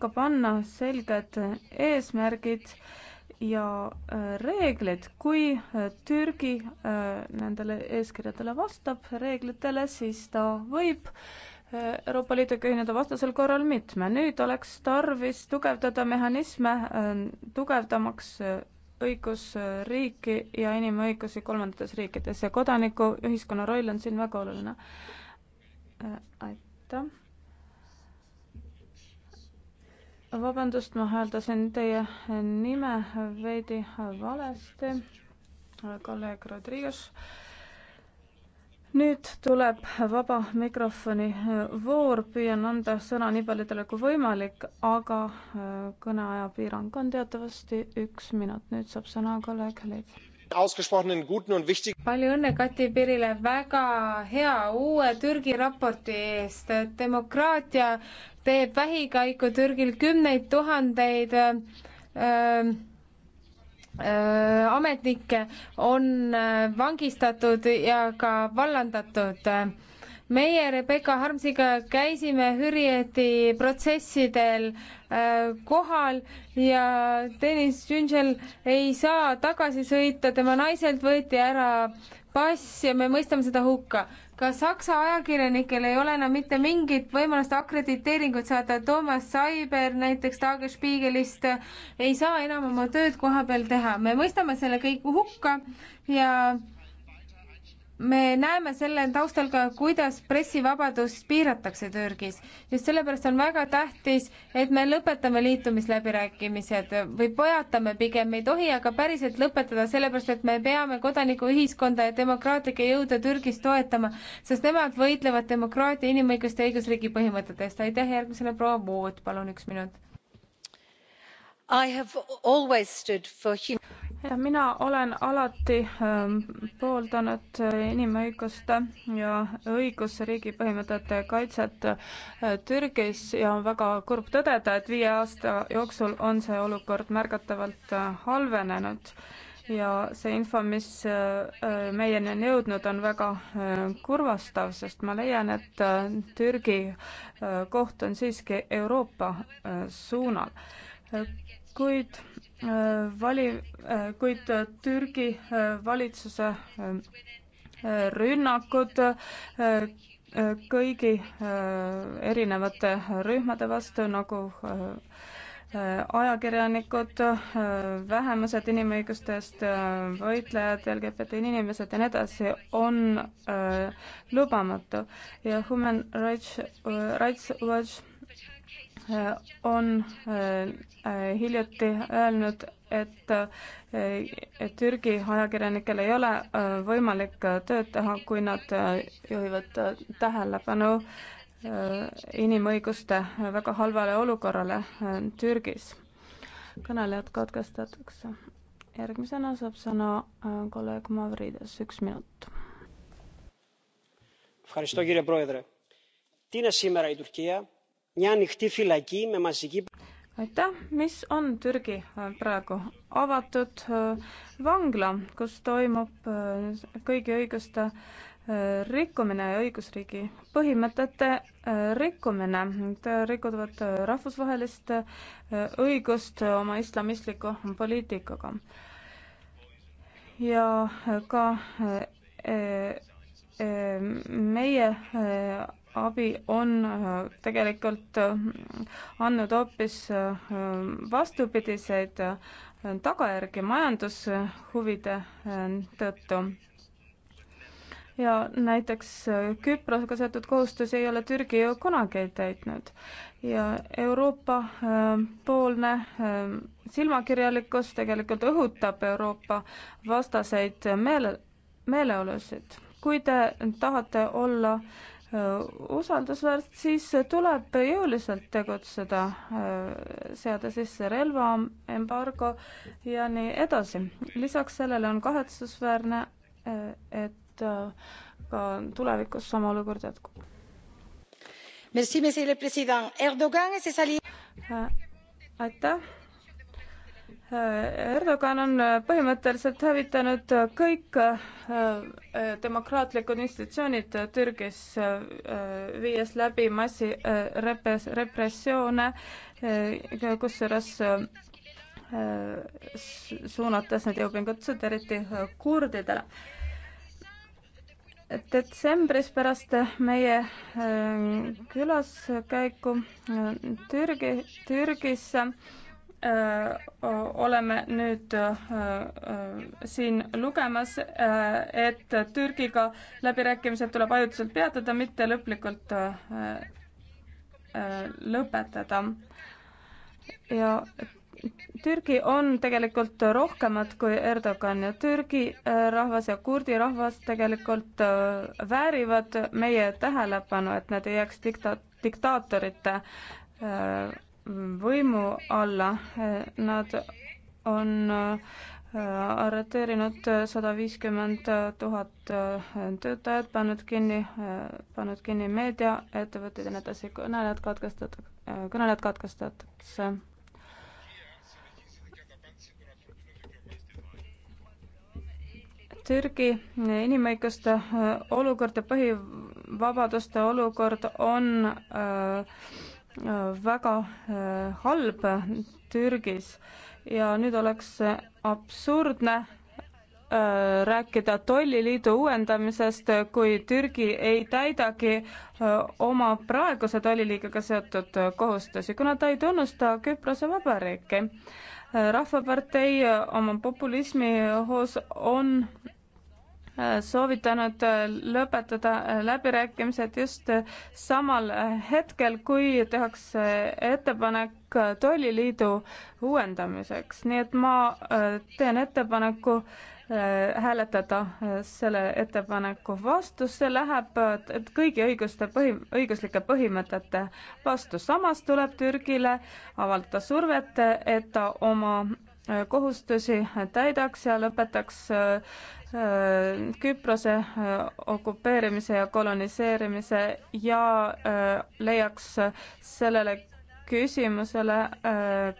paika panna selged eesmärgid ja äh, reeglid, kui äh, Türgi äh, nendele eeskirjadele vastab, reeglitele, siis ta võib Euroopa Liiduga ühineda, vastasel korral mitme. nüüd oleks tarvis tugevdada mehhanisme, ähm, tugevdamaks õigusriiki ja inimõigusi kolmandates riikides ja kodanikuühiskonna roll on siin väga oluline. aitäh. vabandust, ma hääldasin teie nime veidi valesti. kolleeg Rodriguez. nüüd tuleb vaba mikrofoni voor, püüan anda sõna nii paljudele kui võimalik, aga äh, kõneaja piirang on teatavasti üks minut, nüüd saab sõna kolleeg Leif palju õnne Kati Pirile väga hea uue Türgi raporti eest. demokraatia teeb vähikaiku Türgil kümneid tuhandeid äh, äh, ametnikke on äh, vangistatud ja ka vallandatud meie Rebecca Harmsiga käisime Hürjeti protsessidel äh, kohal ja Deniss Jüngel ei saa tagasi sõita, tema naiselt võeti ära pass ja me mõistame seda hukka. ka Saksa ajakirjanikel ei ole enam mitte mingit võimalust akrediteeringut saada, Toomas Saiber näiteks Tagesspiegelist ei saa enam oma tööd koha peal teha, me mõistame selle kõik hukka ja me näeme selle taustal ka, kuidas pressivabadust piiratakse Türgis. just sellepärast on väga tähtis, et me lõpetame liitumisläbirääkimised või peatame pigem, me ei tohi aga päriselt lõpetada, sellepärast et me peame kodanikuühiskonda ja demokraatlikke jõude Türgis toetama, sest nemad võitlevad demokraatia, inimõiguste ja õigusriigi põhimõtete eest. aitäh, järgmisena proua Vood, palun üks minut. I have always stood for human ja mina olen alati ähm, pooldanud äh, inimõiguste ja õigusriigi põhimõtete kaitset äh, Türgis ja on väga kurb tõdeda, et viie aasta jooksul on see olukord märgatavalt äh, halvenenud ja see info, mis meieni on jõudnud, on väga kurvastav, sest ma leian, et Türgi koht on siiski Euroopa suunal kuid äh, vali-, äh, kuid äh, Türgi valitsuse rünnakud kõigi erinevate rühmade vastu, nagu ajakirjanikud, vähemused inimõigustest, võitlejad, LGBT inimesed ja nii edasi, on lubamatu ja Human Rights, Rights Watch Äh, on äh, äh, hiljuti öelnud, et Türgi ajakirjanikel ei ole võimalik tööd teha, kui nad juhivad tähelepanu inimõiguste väga halvale olukorrale Türgis. kõnelejad katkestatakse. järgmisena saab sõna kolleeg Mavrides, üks minut. Ευχαριστώ κύριε Πρόεδρε. Τι είναι σήμερα η Τουρκία, aitäh, mis on Türgi äh, praegu avatud äh, vangla, kus toimub äh, kõigi õiguste rikkumine ja õigusriigi põhimõtete rikkumine. rikuvad rahvusvahelist õigust oma islamistliku poliitikaga. ja ka meie abi on äh, tegelikult äh, andnud hoopis äh, vastupidiseid tagajärgi majandushuvide tõttu. ja näiteks Küprosega seotud kohustusi ei ole Türgi ju kunagi täitnud ja Euroopa poolne silmakirjalikkus tegelikult õhutab Euroopa vastaseid meele, meeleolusid. kui te tahate olla usaldusväärt, siis tuleb jõuliselt tegutseda, seada sisse relvaembargo ja nii edasi. lisaks sellele on kahetsusväärne, et ka tulevikus sama olukord jätkub. aitäh Äh, Erdogan on äh, põhimõtteliselt hävitanud kõik äh, demokraatlikud institutsioonid Türgis, viies läbi massi repes-, repressioone, kusjuures suunates need jõupingutused eriti kurdidele detsembris pärast meie külaskäiku Türgi, Türgisse Äh, äh, oleme nüüd äh, siin lugemas, et Türgiga läbirääkimised tuleb ajutiselt peatada, mitte lõplikult lõpetada. ja Türgi on tegelikult rohkemat kui Erdogan ja Türgi rahvas ja kurdi rahvas tegelikult väärivad meie tähelepanu, et nad ei jääks dikta-, diktaatorite võimu alla. Nad on äh, arreteerinud sada viiskümmend tuhat äh, töötajat, pannud kinni, äh, pannud kinni meediaettevõtteid ja nii edasi, kõnelejad katkestatakse, kõnelejad katkestatakse. Türgi inimõiguste olukord ja põhivabaduste olukord on äh, väga äh, halb Türgis ja nüüd oleks absurdne äh, rääkida tolliliidu uuendamisest, kui Türgi ei täidagi äh, oma praeguse tolliliigiga seotud kohustusi, kuna ta ei tunnusta Küprose Vabariiki. rahvapartei oma populismi hoos on soovitanud äh, lõpetada äh, läbirääkimised just äh, samal hetkel, kui tehakse ettepanek tolliliidu uuendamiseks, nii et ma teen ettepaneku hääletada selle ettepaneku vastu, see läheb kõigi õiguste põhi, õiguslike põhimõtete vastu. samas tuleb Türgile avaldada survet, et ta oma kohustusi täidaks ja lõpetaks äh, Küprose äh, okupeerimise ja koloniseerimise ja äh, leiaks sellele küsimusele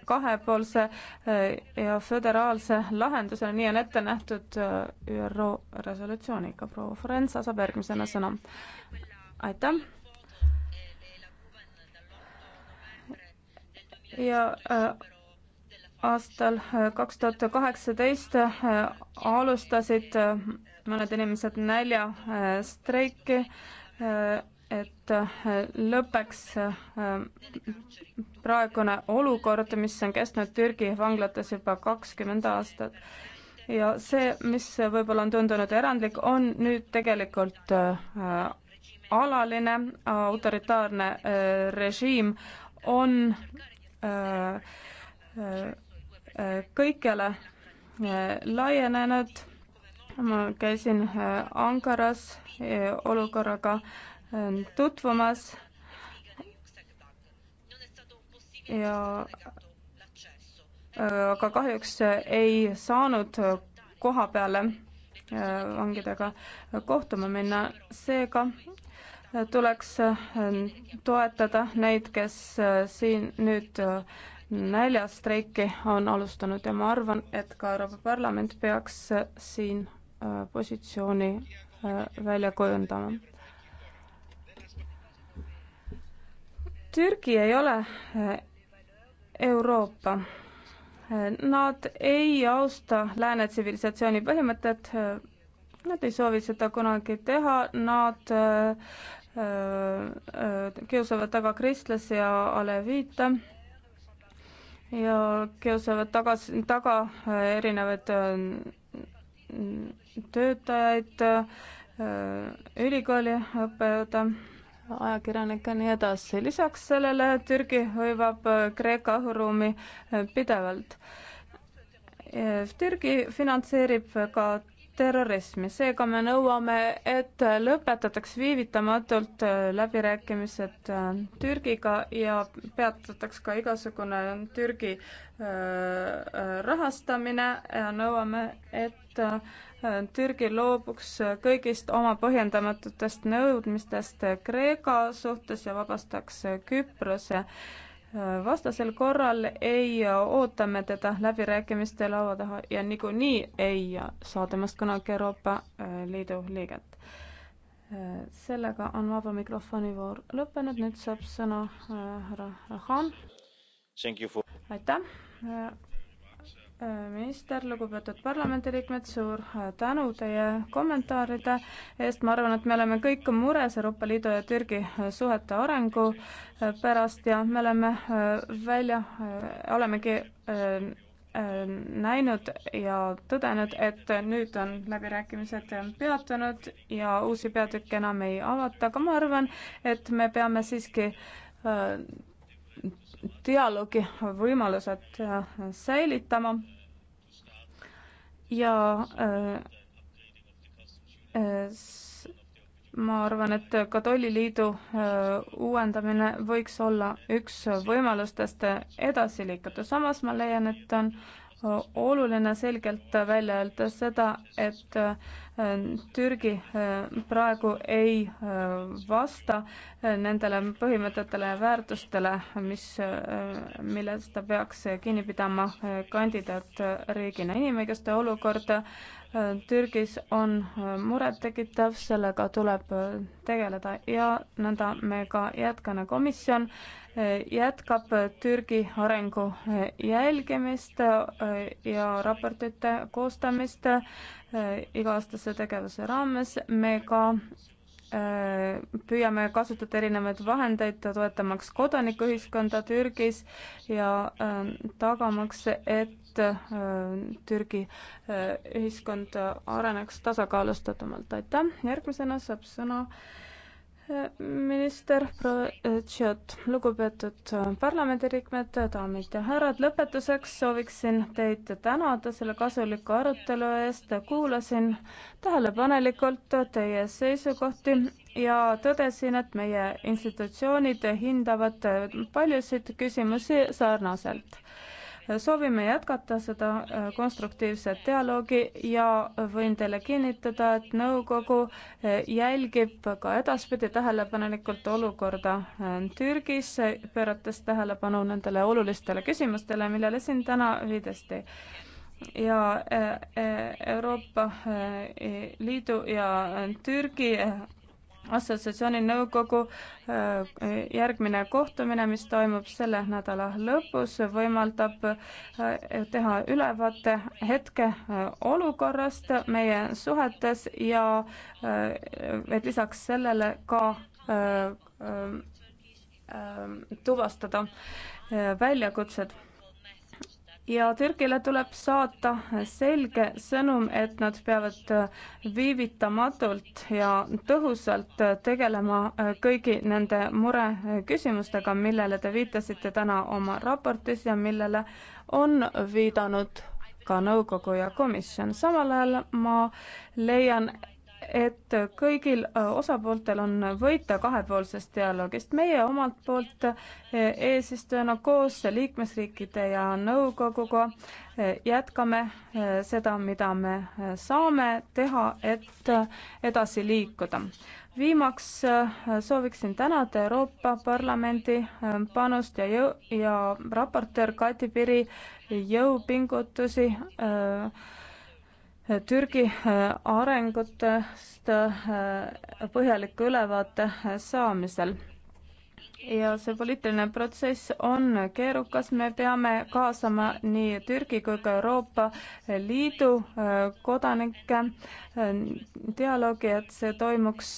kahepoolse ja föderaalse lahenduse, nii on ette nähtud ÜRO resolutsiooniga. proua Forenza saab järgmisena sõna. aitäh! ja aastal äh, kaks tuhat kaheksateist äh, alustasid äh, mõned inimesed näljastreiki, et lõpeks praegune olukord, mis on kestnud Türgi vanglates juba kakskümmend aastat. ja see, mis võib-olla on tundunud erandlik, on nüüd tegelikult alaline autoritaarne režiim on äh, äh, kõikjale eh, laienenud. ma käisin eh, Ankaras eh, olukorraga tutvumas ja aga kahjuks ei saanud koha peale vangidega kohtuma minna, seega tuleks toetada neid, kes siin nüüd näljastreiki on alustanud ja ma arvan, et ka Euroopa Parlament peaks äh, siin äh, positsiooni äh, välja kujundama. Türgi ei ole Euroopa. Nad ei austa lääne tsivilisatsiooni põhimõtet, nad ei soovi seda kunagi teha, nad kiusavad taga kristlasi ja aleviite ja kiusavad tagasi, taga äh, erinevaid äh, töötajaid, äh, ülikooli õppejõude, ajakirjanikke ja nii edasi. lisaks sellele Türgi hõivab Kreeka õhuruumi pidevalt. Türgi finantseerib ka terrorismi. seega me nõuame, et lõpetataks viivitamatult äh, läbirääkimised äh, Türgiga ja peatataks ka igasugune Türgi äh, rahastamine ja nõuame, et Türgi loobuks kõigist oma põhjendamatutest nõudmistest Kreeka suhtes ja vabastaks Küprose vastasel korral ei oota me teda läbirääkimiste laua taha ja niikuinii ei saa temast kunagi Euroopa äh, Liidu liiget. Äh, sellega on vaba mikrofoni voor lõppenud, nüüd saab sõna äh, härra Rahan. aitäh minister, lugupeetud parlamendiliikmed, suur tänu teie kommentaaride eest, ma arvan, et me oleme kõik mures Euroopa Liidu ja Türgi suhete arengu pärast ja me oleme äh, välja, äh, olemegi äh, näinud ja tõdenud, et nüüd on läbirääkimised peatunud ja uusi peatükke enam ei avata, aga ma arvan, et me peame siiski dialoogi võimalused äh, säilitama ja äh, äh, ma arvan, et ka tolliliidu uuendamine võiks olla üks võimalustest edasi liikuda, samas ma leian, et on oluline selgelt välja öelda seda, et äh, Türgi äh, praegu ei äh, vasta nendele põhimõtetele ja väärtustele, mis, millest ta peaks kinni pidama kandidaatriigina. inimõiguste olukord Türgis on murettekitav, sellega tuleb tegeleda ja nõnda me ka jätkame. komisjon jätkab Türgi arengu jälgimist äh, ja raportite koostamist äh, iga-aastase tegevuse raames. me ka äh, püüame kasutada erinevaid vahendeid, toetamaks kodanikuühiskonda Türgis ja tagamaks, et Türgi ühiskond areneks tasakaalustatumalt. aitäh, järgmisena saab sõna minister Projotšot, lugupeetud äh, parlamendiliikmed, daamid ja härrad, lõpetuseks sooviksin teid tänada selle kasuliku arutelu eest, kuulasin tähelepanelikult teie seisukohti ja tõdesin, et meie institutsioonid hindavad paljusid küsimusi sarnaselt soovime jätkata seda äh, konstruktiivset dialoogi ja võin teile kinnitada, et nõukogu äh, jälgib ka edaspidi tähelepanelikult olukorda äh, Türgis, pöörates tähelepanu nendele olulistele küsimustele, millele siin täna viidesti ja Euroopa Liidu ja Türgi assotsiatsiooni nõukogu äh, järgmine kohtumine, mis toimub selle nädala lõpus, võimaldab äh, teha ülevaate hetkeolukorrast äh, meie suhetes ja et lisaks sellele ka tuvastada väljakutsed ja Türgile tuleb saata selge sõnum, et nad peavad äh, viivitamatult ja tõhusalt äh, tegelema äh, kõigi nende mureküsimustega, millele te viitasite täna oma raportis ja millele on viidanud ka nõukogu ja komisjon. samal ajal ma leian, et kõigil äh, osapooltel on võita kahepoolsest dialoogist. meie omalt poolt äh, eesistujana koos liikmesriikide ja nõukoguga äh, jätkame seda, mida me saame teha, et edasi liikuda. viimaks sooviksin tänada Euroopa Parlamendi panust ja jõu- ja raportöör Kati Piri jõupingutusi öö, Türgi äh, arengutest äh, põhjaliku ülevaate äh, saamisel. ja see poliitiline protsess on keerukas, me peame kaasama nii Türgi kui ka Euroopa Liidu kodanikke dialoogi, et see toimuks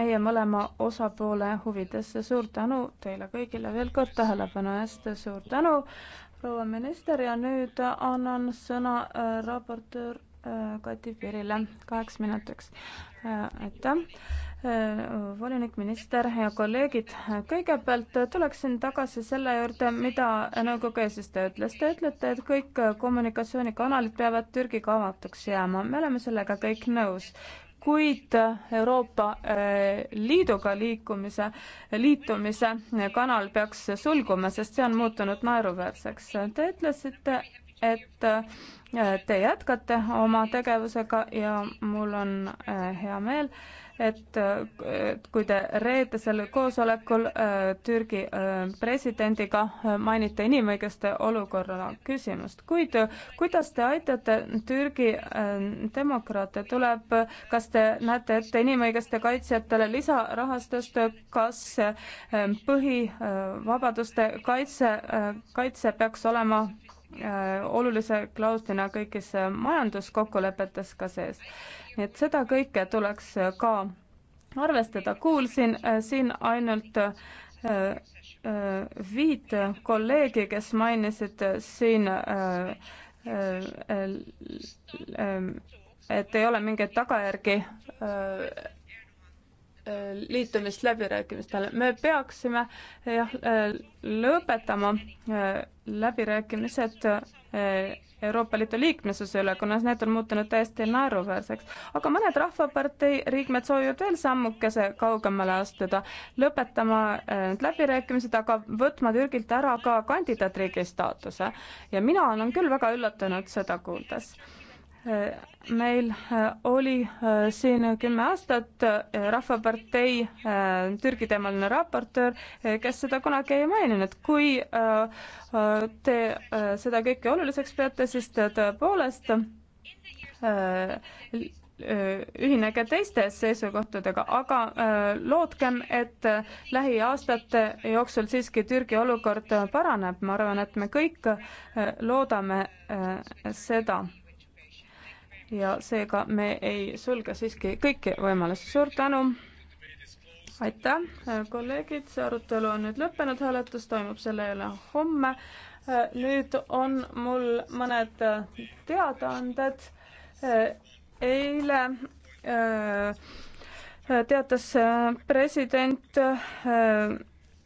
meie mõlema osapoole huvides. suur tänu teile kõigile veel kord tähelepanu eest, suur tänu, proua minister ja nüüd annan sõna raportöör Äh, Kati Pirile kaheks minutiks. Äh, aitäh, äh, volinik, minister ja kolleegid. kõigepealt tuleksin tagasi selle juurde, mida nõukogu eesistuja ütles. Te ütlete, et kõik kommunikatsioonikanalid peavad Türgiga avatuks jääma. me oleme sellega kõik nõus kuid Euroopa Liiduga liikumise, liitumise kanal peaks sulguma, sest see on muutunud naeruväärseks. Te ütlesite, et äh, te jätkate oma tegevusega ja mul on äh, hea meel, et äh, kui te reedesel koosolekul Türgi presidendiga mainite inimõiguste olukorra küsimust, kuid kuidas te aitate Türgi demokraate, tuleb, kas te näete ette inimõiguste kaitsjatele lisarahastust, kas põhivabaduste kaitse, kaitse peaks olema Äh, olulise klauslina kõigis äh, majanduskokkulepetes ka sees. nii et seda kõike tuleks äh, ka arvestada, kuulsin siin ainult viit kolleegi, kes mainisid siin et ei ole mingeid tagajärgi liitumist läbirääkimistele. me peaksime jah, lõpetama äh, läbirääkimised äh, Euroopa Liidu liikmesuse üle, kuna need on muutunud täiesti naeruväärseks. aga mõned Rahvapartei liikmed soovivad veel sammukese kaugemale astuda, lõpetama äh, need läbirääkimised, aga võtma Türgilt ära ka kandidaatriigi staatuse. ja mina olen küll väga üllatunud seda kuuldes meil äh, oli äh, siin kümme aastat äh, Rahvapartei Türgi teemaline raportöör, kes seda kunagi ei maininud. kui te seda kõike oluliseks peate, siis tõepoolest ühinege teiste seisukohtadega, aga lootkem, et lähiaastate jooksul siiski Türgi olukord paraneb, ma arvan, et me kõik loodame seda ja seega me ei sulge siiski kõiki võimalusi. suur tänu! aitäh, kolleegid, see arutelu on nüüd lõppenud, hääletus toimub selle üle homme. nüüd on mul mõned teadaanded. eile äh, teatas äh, president äh,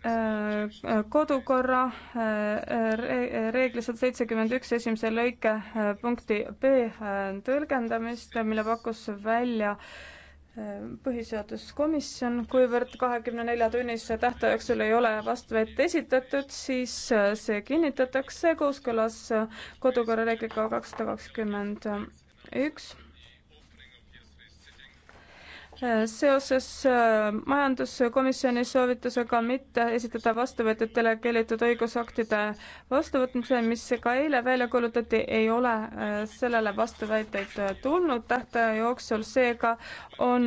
Äh, äh, kodukorra äh, reegli sada seitsekümmend üks esimese lõike punkti B tõlgendamist, mille pakkus välja põhiseaduskomisjon, kuivõrd kahekümne nelja tunnise tähtaja jooksul ei ole vastuväit esitatud, siis see kinnitatakse kooskõlas kodukorra reegliga kakssada kakskümmend üks seoses äh, majanduskomisjoni soovitusega mitte esitada vastuvõtjatele keelitud õigusaktide vastuvõtmisele, mis ka eile välja kuulutati, ei ole äh, sellele vastuväiteid äh, tulnud tähtaja jooksul, seega on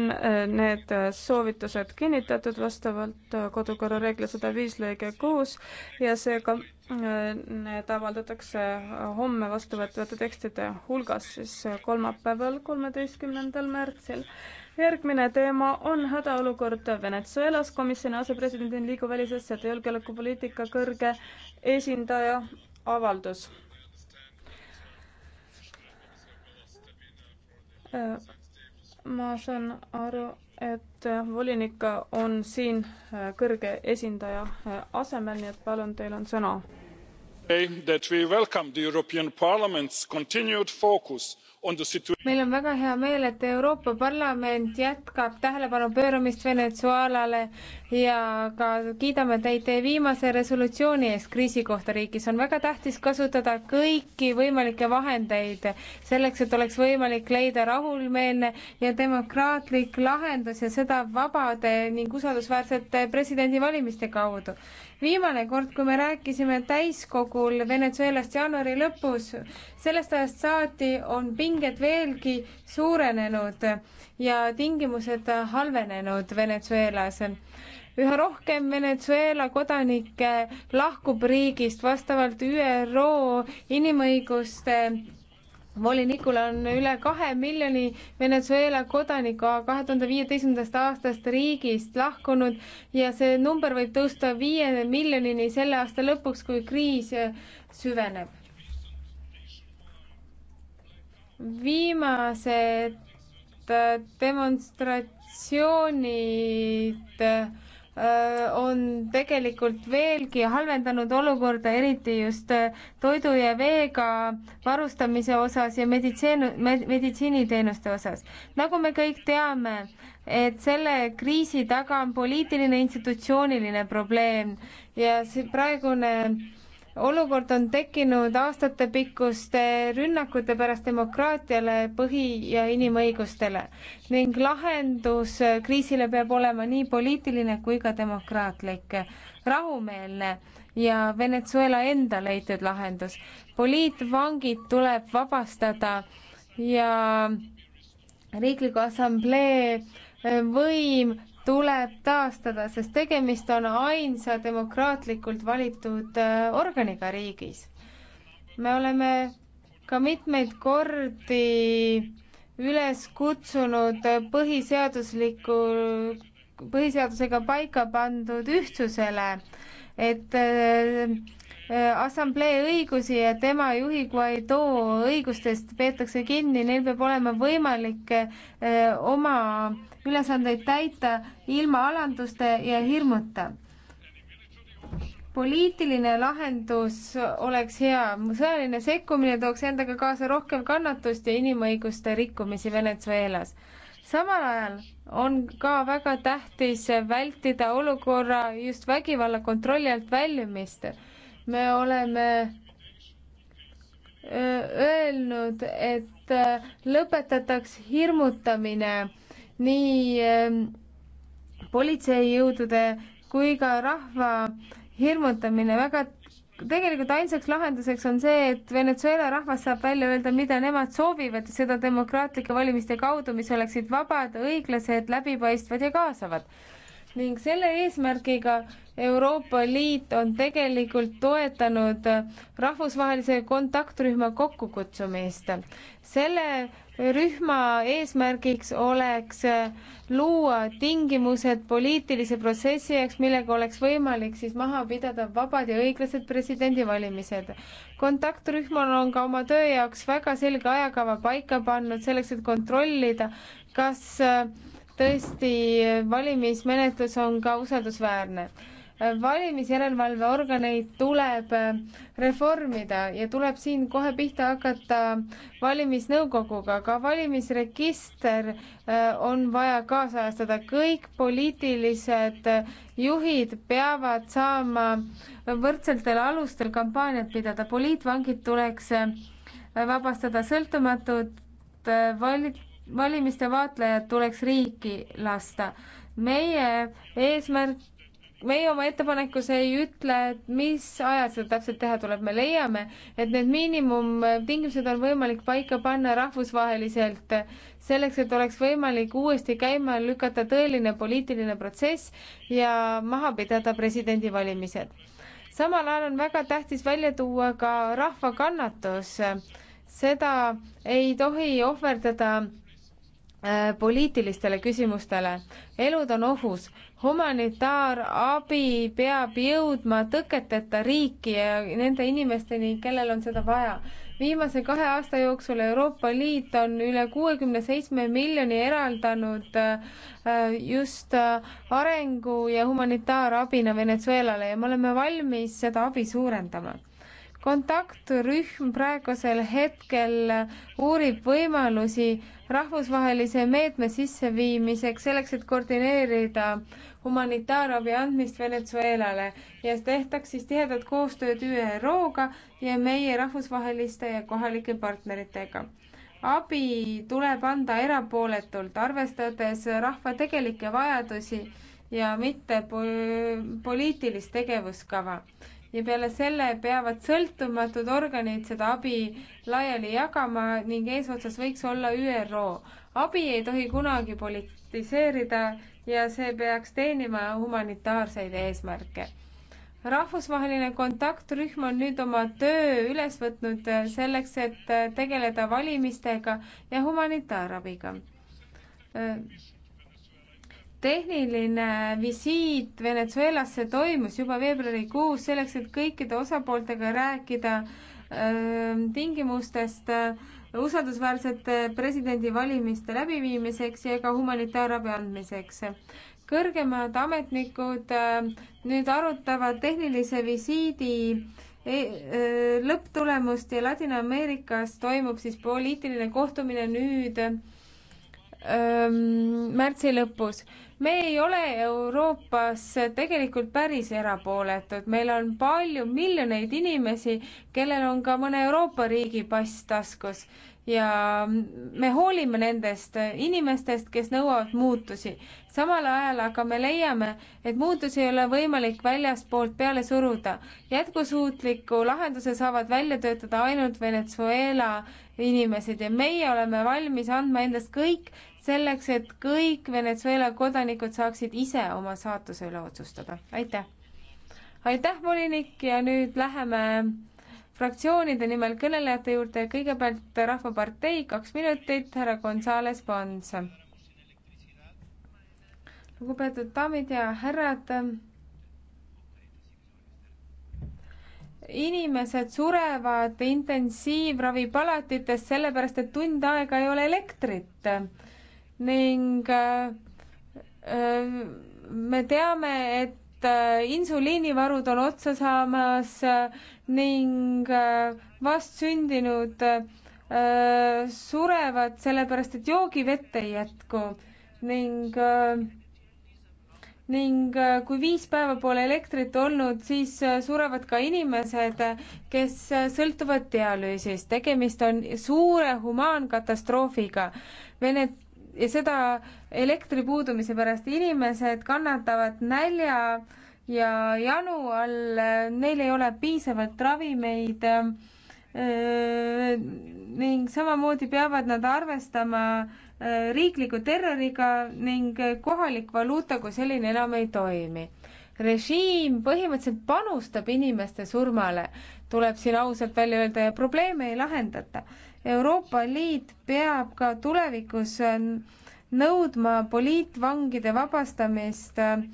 need soovitused kinnitatud vastavalt kodukorra reegli sada viis lõige kuus ja seega Need avaldatakse homme vastuvõetavate tekstide hulgas siis kolmapäeval, kolmeteistkümnendal märtsil järgmine teema on hädaolukord Venezuelas. komisjoni asepresidendi liigu välisasjade julgeolekupoliitika kõrge esindaja avaldus. ma saan aru, et volinik on siin kõrge esindaja asemel, nii et palun, teil on sõna. That we welcome the European Parliament's continued focus meil on väga hea meel, et Euroopa Parlament jätkab tähelepanu pööramist Venezuelale ja ka kiidame teid teie viimase resolutsiooni eest kriisi kohta riigis. on väga tähtis kasutada kõiki võimalikke vahendeid selleks, et oleks võimalik leida rahumeelne ja demokraatlik lahendus ja seda vabade ning usaldusväärsete presidendivalimiste kaudu viimane kord, kui me rääkisime täiskogul Venezuelast jaanuari lõpus, sellest ajast saati on pinged veelgi suurenenud ja tingimused halvenenud Venezuelas. üha rohkem Venezuela kodanikke lahkub riigist vastavalt ÜRO inimõiguste volinikul on üle kahe miljoni Venezuela kodaniku kahe tuhande viieteistkümnendast aastast riigist lahkunud ja see number võib tõusta viie miljonini selle aasta lõpuks, kui kriis süveneb viimased äh, demonstratsioonid äh, on tegelikult veelgi halvendanud olukorda, eriti just äh, toidu ja veega varustamise osas ja meditsiin, meditsiiniteenuste osas. nagu me kõik teame, et selle kriisi taga on poliitiline institutsiooniline probleem ja see praegune olukord on tekkinud aastatepikkuste rünnakute pärast demokraatiale, põhi- ja inimõigustele ning lahendus kriisile peab olema nii poliitiline kui ka demokraatlik, rahumeelne ja Venezuela enda leitud lahendus. poliitvangid tuleb vabastada ja riikliku assamblee võim tuleb taastada, sest tegemist on ainsa demokraatlikult valitud äh, organiga riigis. me oleme ka mitmeid kordi üles kutsunud põhiseadusliku, põhiseadusega paika pandud ühtsusele, et äh, Äh, assamblee õigusi ja tema juhi Guaido õigustest peetakse kinni, neil peab olema võimalik äh, oma ülesandeid täita ilma alanduste ja hirmuta. poliitiline lahendus oleks hea, sõjaline sekkumine tooks endaga kaasa rohkem kannatust ja inimõiguste rikkumisi Venezuelas samal ajal on ka väga tähtis vältida olukorra just vägivalla kontrolli alt väljumist me oleme öelnud, et lõpetataks hirmutamine nii politseijõudude kui ka rahva hirmutamine väga tegelikult ainsaks lahenduseks on see, et Venezuela rahvas saab välja öelda, mida nemad soovivad, seda demokraatlike valimiste kaudu, mis oleksid vabad, õiglased, läbipaistvad ja kaasavad. ning selle eesmärgiga Euroopa Liit on tegelikult toetanud rahvusvahelise kontaktrühma kokkukutsumist. selle rühma eesmärgiks oleks luua tingimused poliitilise protsessi jaoks, millega oleks võimalik siis maha pidada vabad ja õiglased presidendivalimised. kontaktrühmal on ka oma töö jaoks väga selge ajakava paika pannud selleks, et kontrollida, kas tõesti valimismenetlus on ka usaldusväärne valimisjärelevalveorganeid tuleb äh, reformida ja tuleb siin kohe pihta hakata valimisnõukoguga, ka valimisregister äh, on vaja kaasajastada, kõik poliitilised juhid peavad saama võrdsetel alustel kampaaniat pidada, poliitvangid tuleks äh, vabastada, sõltumatud vali-, valimiste vaatlejad tuleks riiki lasta meie eesmärk meie oma ettepanekus ei ütle, et mis ajal seda täpselt teha tuleb, me leiame, et need miinimumtingimused on võimalik paika panna rahvusvaheliselt selleks, et oleks võimalik uuesti käima lükata tõeline poliitiline protsess ja maha pidada presidendivalimised. samal ajal on väga tähtis välja tuua ka rahva kannatus. seda ei tohi ohverdada Äh, poliitilistele küsimustele. elud on ohus, humanitaarabi peab jõudma tõketeta riiki ja nende inimesteni, kellel on seda vaja. viimase kahe aasta jooksul Euroopa Liit on üle kuuekümne seitsme miljoni eraldanud äh, just äh, arengu ja humanitaarabina Venezuelale ja me oleme valmis seda abi suurendama kontaktrühm praegusel hetkel uurib võimalusi rahvusvahelise meetme sisseviimiseks selleks, et koordineerida humanitaarabi andmist Venezuelale ja tehtaks siis tihedat koostööd ÜRO-ga ja meie rahvusvaheliste ja kohalike partneritega. abi tuleb anda erapooletult, arvestades rahva tegelikke vajadusi ja mitte po poliitilist tegevuskava ja peale selle peavad sõltumatud organid seda abi laiali jagama ning eesotsas võiks olla ÜRO. abi ei tohi kunagi politiseerida ja see peaks teenima humanitaarseid eesmärke rahvusvaheline kontaktrühm on nüüd oma töö üles võtnud selleks, et tegeleda valimistega ja humanitaarabiga tehniline visiit Venezuelasse toimus juba veebruarikuus selleks, et kõikide osapooltega rääkida ähm, tingimustest äh, usaldusväärsete presidendivalimiste läbiviimiseks ja ka humanitaarabi andmiseks. kõrgemad ametnikud ähm, nüüd arutavad tehnilise visiidi e, äh, lõpptulemust ja Ladina-Ameerikas toimub siis poliitiline kohtumine nüüd märtsi lõpus. me ei ole Euroopas tegelikult päris erapooletud, meil on palju miljoneid inimesi, kellel on ka mõne Euroopa riigi pass taskus ja me hoolime nendest inimestest, kes nõuavad muutusi. samal ajal aga me leiame, et muutusi ei ole võimalik väljaspoolt peale suruda. jätkusuutliku lahenduse saavad välja töötada ainult Venezuela inimesed ja meie oleme valmis andma endast kõik selleks, et kõik Venezuela kodanikud saaksid ise oma saatuse üle otsustada. aitäh! aitäh, volinik, ja nüüd läheme fraktsioonide nimel kõnelejate juurde, kõigepealt Rahvapartei, kaks minutit, härra Gonzales Pons. lugupeetud daamid ja härrad, inimesed surevad intensiivravipalatites sellepärast, et tund aega ei ole elektrit ning äh, me teame, et äh, insuliinivarud on otsa saamas ning äh, vastsündinud surevad sellepärast, et joogivett ei jätku ning ning kui viis päeva pole elektrit olnud, siis surevad ka inimesed, kes sõltuvad dialüüsist. tegemist on suure humankatastroofiga. Venet-, ja seda elektri puudumise pärast. inimesed kannatavad nälja ja janu all, neil ei ole piisavalt ravimeid ning samamoodi peavad nad arvestama riikliku terroriga ning kohalik valuuta kui selline enam ei toimi režiim põhimõtteliselt panustab inimeste surmale tuleb siin ausalt välja öelda ja probleeme ei lahendata. Euroopa Liit peab ka tulevikus äh, nõudma poliitvangide vabastamist. Äh,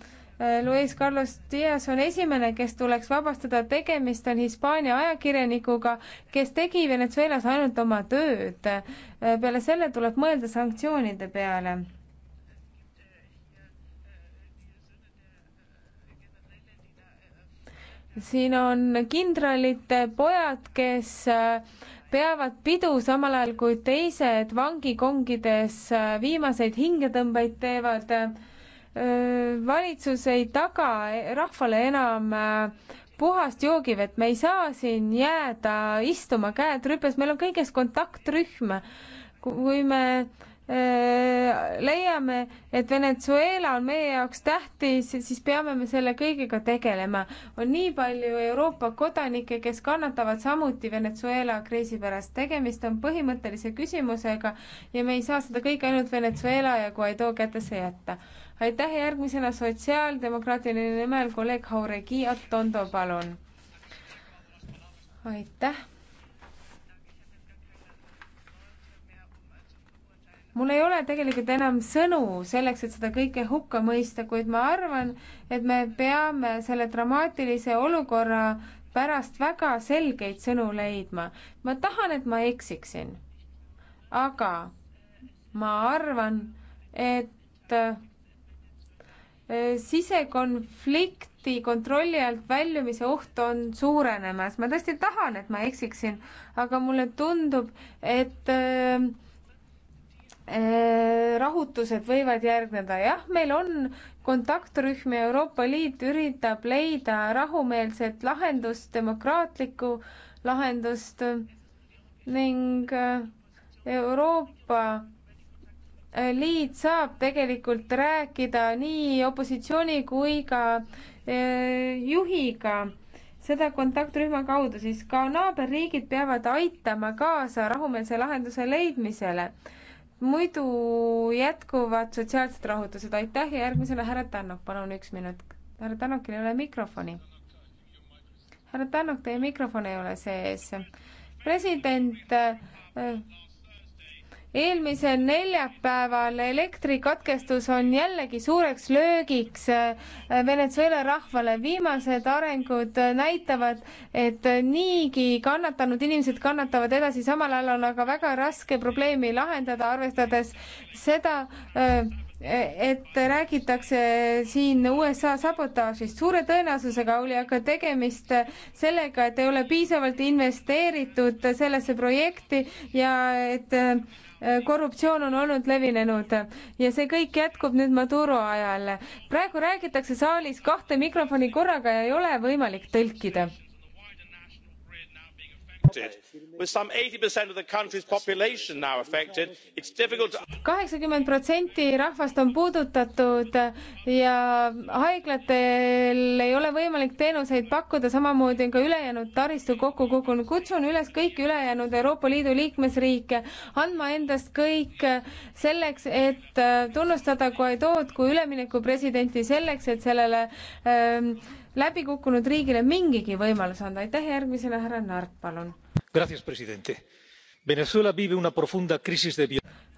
Luis Carlos Diaz on esimene, kes tuleks vabastada, tegemist on Hispaania ajakirjanikuga, kes tegi Venezuelas ainult oma tööd. Äh, peale selle tuleb mõelda sanktsioonide peale siin on kindralite pojad, kes äh, peavad pidu, samal ajal kui teised vangikongides äh, viimaseid hingetõmbeid teevad. Äh, valitsus ei taga rahvale enam puhast joogivett, me ei saa siin jääda istuma käed rüpes, meil on kõiges kontaktrühm. kui me äh, Äh, leiame, et Venezuela on meie jaoks tähtis, siis peame me selle kõigega tegelema. on nii palju Euroopa kodanikke, kes kannatavad samuti Venezuela kriisi pärast. tegemist on põhimõttelise küsimusega ja me ei saa seda kõike ainult Venezuela ja Guaido kätesse jätta. aitäh, järgmisena sotsiaaldemokraatiline nimel kolleeg Hauregi Atondo, palun. aitäh mul ei ole tegelikult enam sõnu selleks, et seda kõike hukka mõista, kuid ma arvan, et me peame selle dramaatilise olukorra pärast väga selgeid sõnu leidma. ma tahan, et ma eksiksin, aga ma arvan, et äh, sisekonflikti kontrolli alt väljumise oht on suurenemas. ma tõesti tahan, et ma eksiksin, aga mulle tundub, et äh, Äh, rahutused võivad järgneda. jah, meil on kontaktrühm ja Euroopa Liit üritab leida rahumeelset lahendust, demokraatlikku lahendust ning äh, Euroopa äh, Liit saab tegelikult rääkida nii opositsiooni kui ka juhiga seda kontaktrühma kaudu, siis ka naaberriigid peavad aitama kaasa rahumeelse lahenduse leidmisele muidu jätkuvad sotsiaalsed rahutused, aitäh ja järgmisele härra Tännok, palun üks minut. härra Tännokil ei ole mikrofoni. härra Tännok, teie mikrofon ei ole sees. president äh, eelmisel neljapäeval elektrikatkestus on jällegi suureks löögiks äh, Venezuela rahvale. viimased arengud äh, näitavad, et niigi kannatanud inimesed kannatavad edasi, samal ajal on aga väga raske probleemi lahendada, arvestades seda, äh, et räägitakse siin USA sabotaažist. suure tõenäosusega oli aga tegemist sellega, et ei ole piisavalt investeeritud sellesse projekti ja et Äh, korruptsioon on olnud levinenud ja see kõik jätkub nüüd Maduro ajal. praegu räägitakse saalis kahte mikrofoni korraga ja ei ole võimalik tõlkida affected. with some 80% of the country's population now affected it's difficult to. kaheksakümmend protsenti rahvast on puudutatud ja haiglatel ei ole võimalik teenuseid pakkuda, samamoodi on ka ülejäänud taristu kokku kukkunud. kutsun üles kõiki ülejäänud Euroopa Liidu liikmesriike andma endast kõik selleks, et tunnustada Guaidood kui ülemineku presidenti selleks, et sellele ähm, läbikukkunud riigile mingigi võimalus anda. aitäh, järgmisele härra Nart, palun.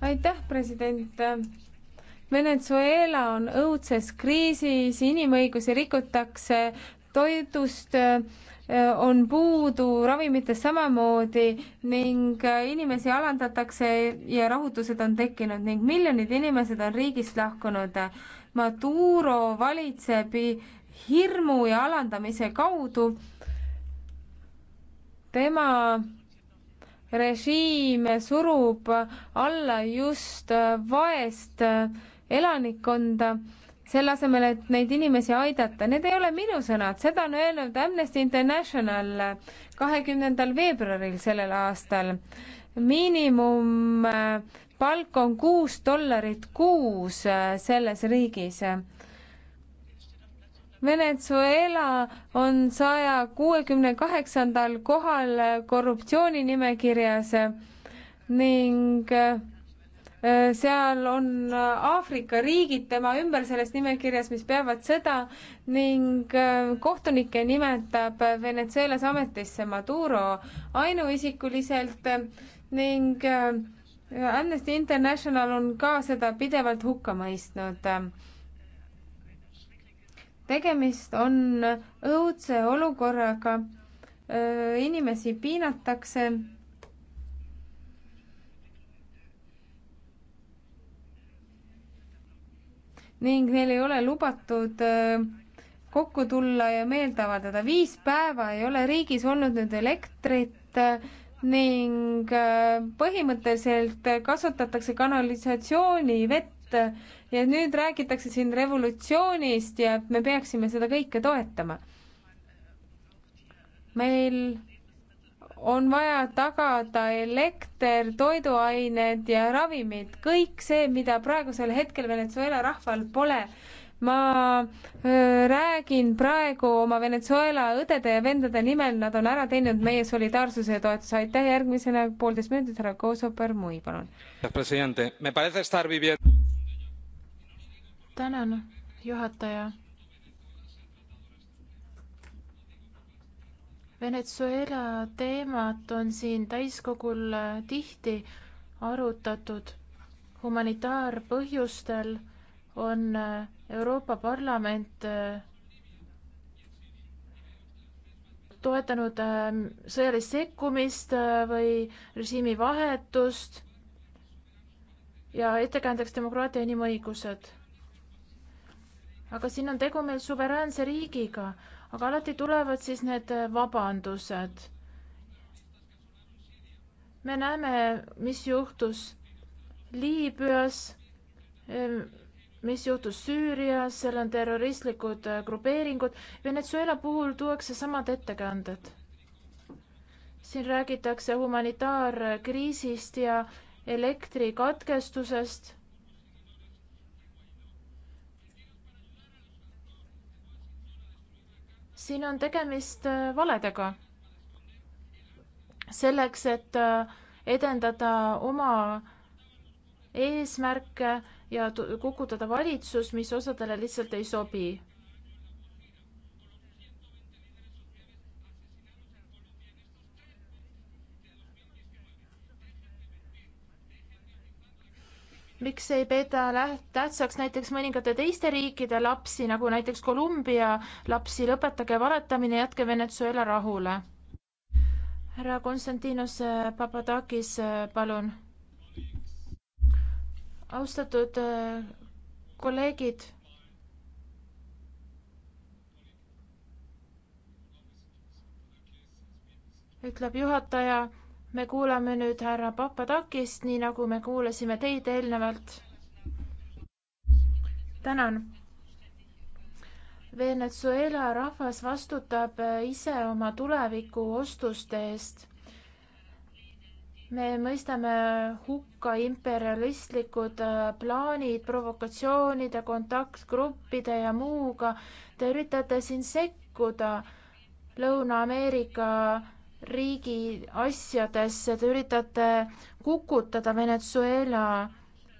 aitäh, president. Venezuela on õudses kriisis, inimõigusi rikutakse, toidust eh, on puudu, ravimitest samamoodi ning eh, inimesi alandatakse ja rahutused on tekkinud ning miljonid inimesed on riigist lahkunud. Maduro valitseb hirmu ja alandamise kaudu tema režiim surub alla just vaest elanikkonda, selle asemel, et neid inimesi aidata. Need ei ole minu sõnad, seda on öelnud Amnesty International kahekümnendal veebruaril sellel aastal. miinimumpalk on kuus dollarit kuus selles riigis Venezuela on saja kuuekümne kaheksandal kohal korruptsiooninimekirjas ning äh, seal on Aafrika riigid tema ümber selles nimekirjas, mis peavad sõda ning äh, kohtunikke nimetab Venezuelas ametisse Maduro ainuisikuliselt ning äh, Amnesty International on ka seda pidevalt hukka mõistnud tegemist on õudse olukorraga, inimesi piinatakse. ning neil ei ole lubatud kokku tulla ja meelt avaldada. viis päeva ei ole riigis olnud nüüd elektrit ning põhimõtteliselt kasutatakse kanalisatsioonivett ja nüüd räägitakse siin revolutsioonist ja me peaksime seda kõike toetama. meil on vaja tagada elekter, toiduained ja ravimid, kõik see, mida praegusel hetkel Venezuela rahval pole. ma äh, räägin praegu oma Venezuela õdede ja vendade nimel, nad on ära teinud meie solidaarsuse ja toetuse. aitäh, järgmisena poolteist minutit, härra Kosoper Mui, palun tänan, juhataja. Venezuela teemat on siin täiskogul tihti arutatud. humanitaarpõhjustel on Euroopa Parlament äh, toetanud äh, sõjalist sekkumist äh, või režiimi vahetust ja ettekäändeks demokraatia ja inimõigused aga siin on tegu meil suveräänse riigiga, aga alati tulevad siis need vabandused. me näeme, mis juhtus Liibüas, mis juhtus Süürias, seal on terroristlikud grupeeringud, Venezuela puhul tuuakse samad ettekanded. siin räägitakse humanitaarkriisist ja elektrikatkestusest siin on tegemist äh, valedega. selleks, et äh, edendada oma eesmärke ja kukutada valitsus, mis osadele lihtsalt ei sobi miks ei peeta tähtsaks näiteks mõningate teiste riikide lapsi, nagu näiteks Kolumbia lapsi, lõpetage valetamine, jätke Venezuela rahule. härra Konstantinos äh, Papadakis, äh, palun. austatud äh, kolleegid. ütleb juhataja me kuulame nüüd härra Papadakist, nii nagu me kuulasime teid eelnevalt. tänan. Venezuela rahvas vastutab äh, ise oma tuleviku ostuste eest. me mõistame hukka imperialistlikud äh, plaanid provokatsioonide, kontaktgruppide ja muuga. Te üritate siin sekkuda Lõuna-Ameerika riigi asjadesse, te üritate kukutada Venezuela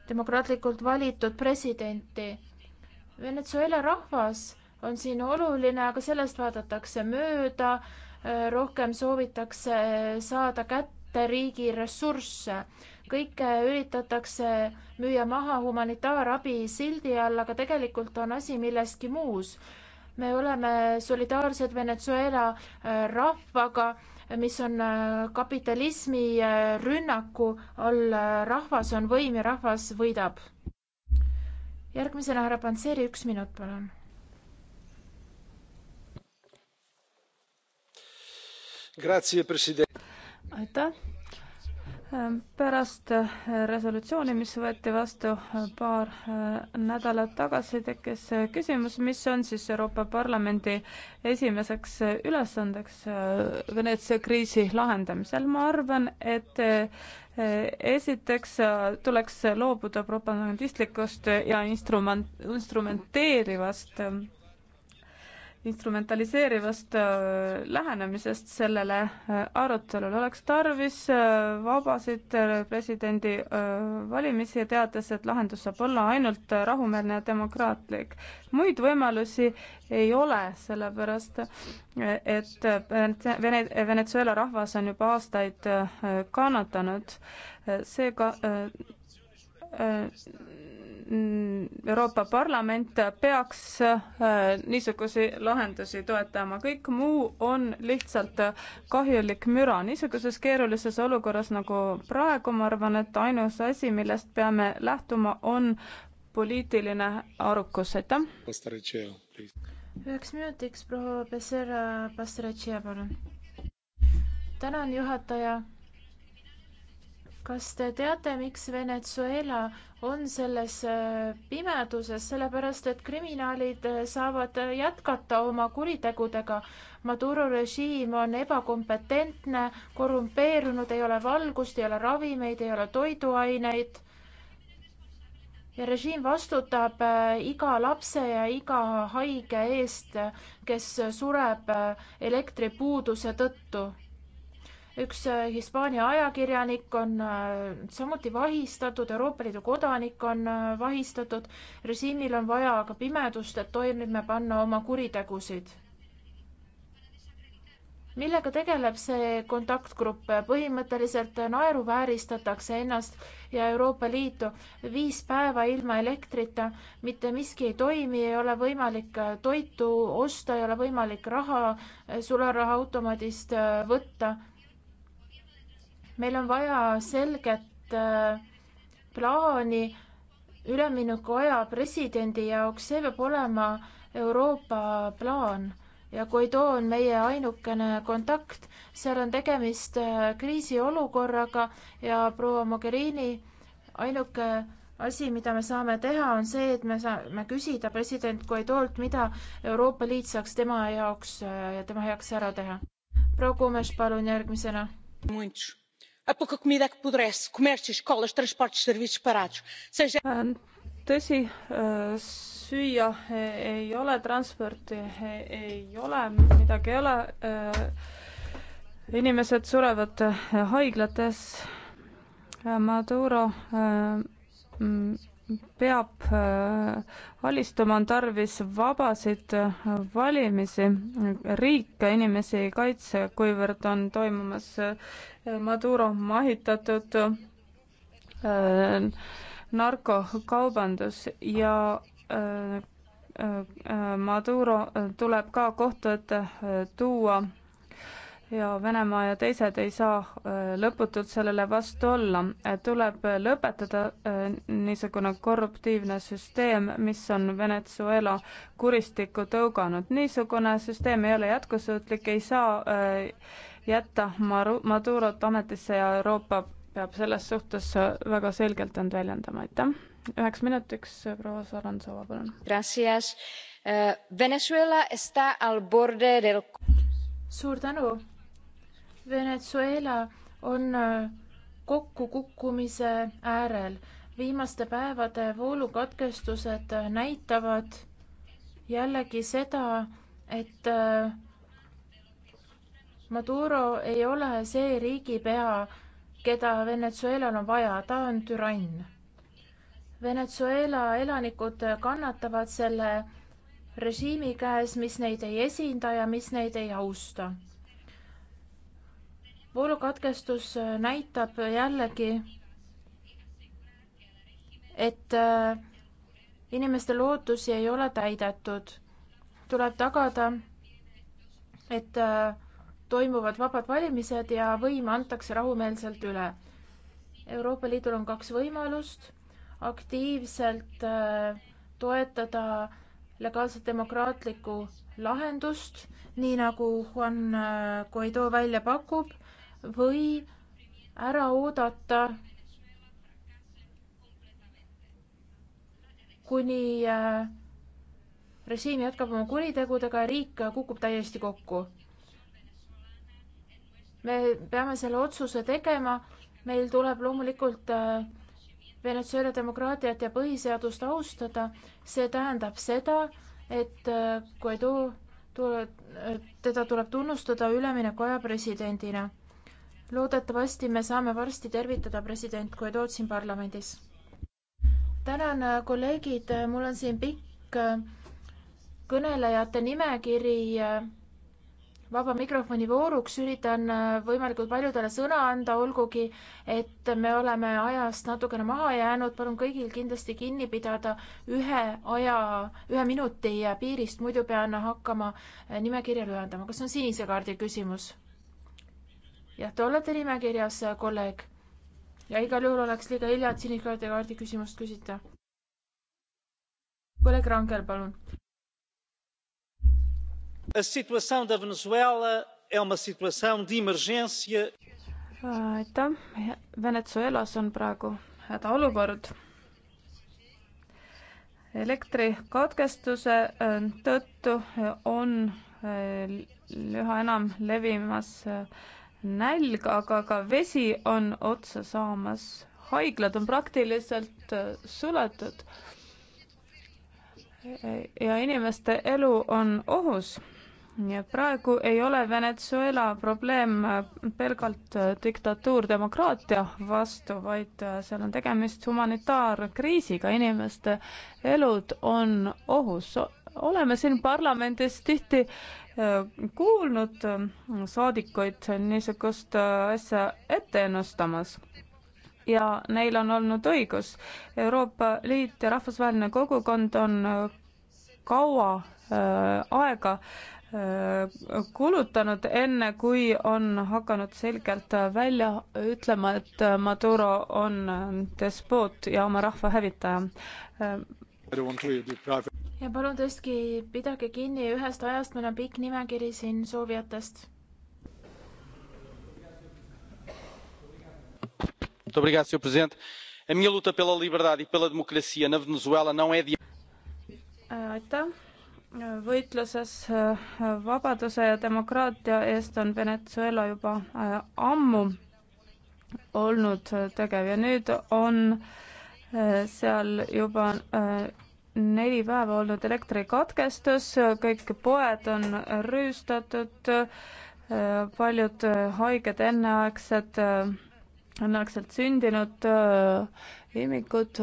demokraatlikult valitud presidenti. Venezuela rahvas on siin oluline, aga sellest vaadatakse mööda, rohkem soovitakse saada kätte riigi ressursse. kõike üritatakse müüa maha humanitaarabi sildi all, aga tegelikult on asi milleski muus. me oleme solidaarsed Venezuela äh, rahvaga mis on äh, kapitalismi äh, rünnaku all. Äh, rahvas on võim ja rahvas võidab. järgmisena härra Panseri, üks minut, palun. aitäh pärast äh, resolutsiooni, mis võeti vastu äh, paar äh, nädalat tagasi, tekkis küsimus, mis on siis Euroopa Parlamendi esimeseks ülesandeks Veneetsia kriisi lahendamisel. ma arvan, et esiteks tuleks loobuda propagandistlikust ja instrument, instrumenteerivast instrumentaliseerivast äh, lähenemisest sellele äh, arutelule. oleks tarvis äh, vabasid presidendi valimisi ja teades, et lahendus saab olla ainult rahumeelne ja demokraatlik. muid võimalusi ei ole, sellepärast et Vene, Venezuela rahvas on juba aastaid kannatanud. seega Äh, Euroopa Parlament peaks äh, niisuguseid lahendusi toetama, kõik muu on lihtsalt kahjulik müra. niisuguses keerulises olukorras nagu praegu, ma arvan, et ainus asi, millest peame lähtuma, on poliitiline arukus, aitäh. üheks minutiks proua Becerra Pastoretšia, palun. tänan, juhataja kas te teate, miks Venezuela on selles äh, pimeduses, sellepärast et kriminaalid äh, saavad äh, jätkata oma kuritegudega. Maduro režiim on ebakompetentne, korrumpeerunud, ei ole valgust, ei ole ravimeid, ei ole toiduaineid. ja režiim vastutab iga lapse ja iga haige eest, kes sureb elektripuuduse tõttu üks äh, Hispaania ajakirjanik on äh, samuti vahistatud, Euroopa Liidu kodanik on äh, vahistatud. režiimil on vaja ka pimedust, et toimime panna oma kuritegusid. millega tegeleb see kontaktgrupp? põhimõtteliselt naeruvääristatakse ennast ja Euroopa Liitu. viis päeva ilma elektrita, mitte miski ei toimi, ei ole võimalik toitu osta, ei ole võimalik raha sularahaautomaadist võtta meil on vaja selget äh, plaani üleminekuaja presidendi jaoks, see peab olema Euroopa plaan ja Guaido on meie ainukene kontakt. seal on tegemist äh, kriisiolukorraga ja proua Mogherini ainuke asi, mida me saame teha, on see, et me saame küsida president Guaidolt, mida Euroopa Liit saaks tema jaoks äh, ja tema heaks ära teha. proua Kumes, palun järgmisena. Munch a pouca comida que apodrece comércio escolas transportes serviços parados. Äh, tõsi äh, süüa äh, ei ole transporti ei ole midagi ei ole inimesed surevad haiglates maduro mm, peab äh, alistuma, on tarvis vabasid äh, valimisi, riik inimesi ei kaitse, kuivõrd on toimumas äh, Maduro mahitatud narkokaubandus ja Maduro tuleb ka kohtu ette tuua ja Venemaa ja teised ei saa äh, lõputult sellele vastu olla. tuleb äh, lõpetada äh, niisugune korruptiivne süsteem, mis on Venezuela kuristikku tõuganud. niisugune süsteem ei ole jätkusuutlik, ei saa jätta Maru-, Madurot ametisse ja Euroopa peab selles suhtes väga selgelt end väljendama, aitäh. üheks minutiks proua Sarantsova, palun. Venezuela está al borde del suur tänu Venezuela on äh, kokkukukkumise äärel. viimaste päevade voolukatkestused äh, näitavad jällegi seda, et äh, Maduro ei ole see riigipea, keda Venezuelal on vaja, ta on türann. Venezuela elanikud kannatavad selle režiimi käes, mis neid ei esinda ja mis neid ei austa voolukatkestus äh, näitab jällegi, et äh, inimeste lootusi ei ole täidetud. tuleb tagada, et äh, toimuvad vabad valimised ja võim antakse rahumeelselt üle. Euroopa Liidul on kaks võimalust aktiivselt toetada legaalset demokraatlikku lahendust, nii nagu Juan Guaido välja pakub või ära oodata, kuni äh, režiim jätkab oma kuritegudega ja riik kukub täiesti kokku. me peame selle otsuse tegema, meil tuleb loomulikult äh, Venezuela demokraatiat ja põhiseadust austada, see tähendab seda, et äh, Guaido tuleb, teda tuleb tunnustada üleminekuaja presidendina loodetavasti me saame varsti tervitada president Guido'd siin parlamendis. tänan, äh, kolleegid, äh, mul on siin pikk äh, kõnelejate nimekiri vaba mikrofoni vooruks, üritan võimalikult paljudele sõna anda, olgugi et me oleme ajast natukene maha jäänud, palun kõigil kindlasti kinni pidada ühe aja, ühe minuti piirist, muidu pean hakkama nimekirja lühendama. kas on sinise kaardi küsimus? jah, te olete nimekirjas, kolleeg. ja igal juhul oleks liiga hilja, et sinikaardi kaardi küsimust küsida. kolleeg Rangel, palun. A situação da Venezuela é uma situação de emergência. aitäh, Venezuelas on praegu hädaolukord. elektrikatkestuse äh, tõttu äh, on äh, üha enam levimas nälg, aga ka vesi on otsa saamas. haiglad on praktiliselt äh, suletud. ja inimeste elu on ohus. ja praegu ei ole Venezuela probleem äh, pelgalt äh, diktatuur demokraatia vastu, vaid seal on tegemist humanitaarkriisiga, inimeste elud on ohus oleme siin parlamendis tihti äh, kuulnud äh, saadikuid niisugust äh, asja ette ennustamas ja neil on olnud õigus. Euroopa Liit ja rahvusvaheline kogukond on kaua aega kulutanud, enne kui on hakanud selgelt välja ütlema, et Maduro on despoot ja oma rahva hävitaja ja palun tõstki, pidage kinni ühest ajast, meil on pikk nimekiri siin soovijatest. E aitäh võitluses äh, vabaduse ja demokraatia eest on Venezuela juba äh, ammu olnud äh, tegev ja nüüd on seal juba neli päeva olnud elektrikatkestus, kõik poed on rüüstatud, paljud haiged enneaegsed, enneaegselt sündinud imikud